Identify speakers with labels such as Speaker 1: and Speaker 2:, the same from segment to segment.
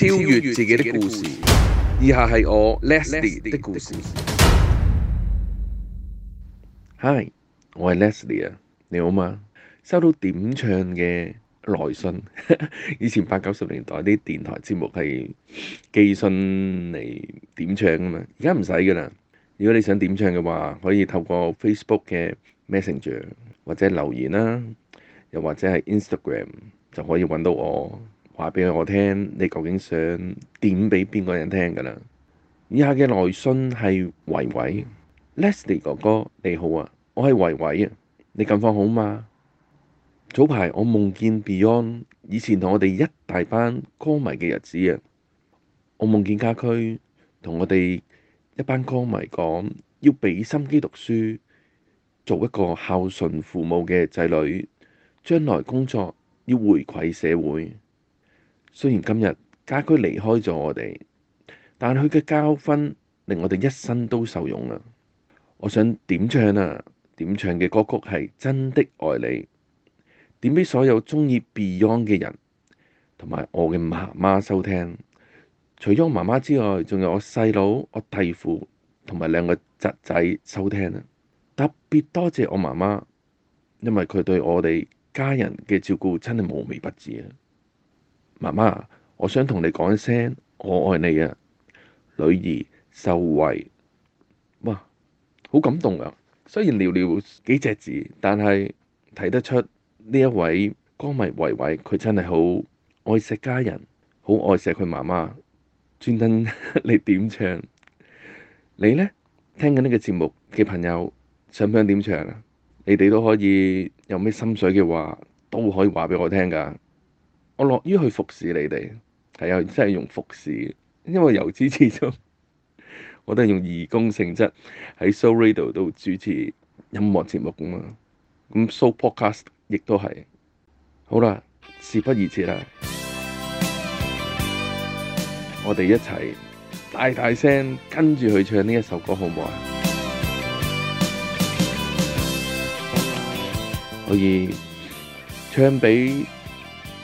Speaker 1: 超越自己的故事。以下係我 Leslie 的故事。Hi，我係 Leslie 啊，你好嘛？收到點唱嘅來信，以前八九十年代啲電台節目係寄信嚟點唱噶嘛，而家唔使噶啦。如果你想點唱嘅話，可以透過 Facebook 嘅 Messenger 或者留言啦，又或者係 Instagram 就可以搵到我。話俾我聽，你究竟想點俾邊個人聽噶啦？以下嘅內信係維維。Leslie 哥哥，你好啊，我係維維啊，你近況好嗎？早排我夢見 Beyond 以前同我哋一大班歌迷嘅日子啊。我夢見家駒同我哋一班歌迷講，要俾心機讀書，做一個孝順父母嘅仔女，將來工作要回饋社會。雖然今日家駒離開咗我哋，但佢嘅教訓令我哋一生都受用啊！我想點唱啊？點唱嘅歌曲係《真的愛你》。點俾所有鍾意 Beyond 嘅人，同埋我嘅媽媽收聽。除咗我媽媽之外，仲有我細佬、我弟父同埋兩個侄仔收聽啊！特別多謝我媽媽，因為佢對我哋家人嘅照顧真係無微不至啊！媽媽，我想同你講一聲我愛你啊！女兒秀慧，哇，好感動啊！雖然寥寥幾隻字，但係睇得出呢一位歌迷維維，佢真係好愛錫家人，好愛錫佢媽媽。專登 你點唱？你呢？聽緊呢個節目嘅朋友，想唔想點唱啊？你哋都可以有咩心水嘅話，都可以話俾我聽噶。我樂於去服侍你哋，係啊，真係用服侍。因為由始至終， 我都係用義工性質喺 show radio 度主持音樂節目噶嘛，咁 show podcast 亦都係。好啦，事不宜遲啦， 我哋一齊大大聲跟住去唱呢一首歌，好唔好啊？可以唱俾。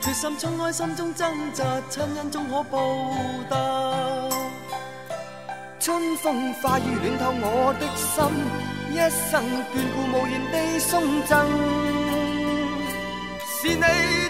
Speaker 2: 決心衝開心中掙扎，親恩終可報答。春風化雨暖透我的心，一生眷顧，無言地送贈。是你。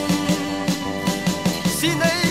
Speaker 2: 是你。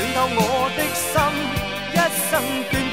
Speaker 2: 穿透我的心，一生。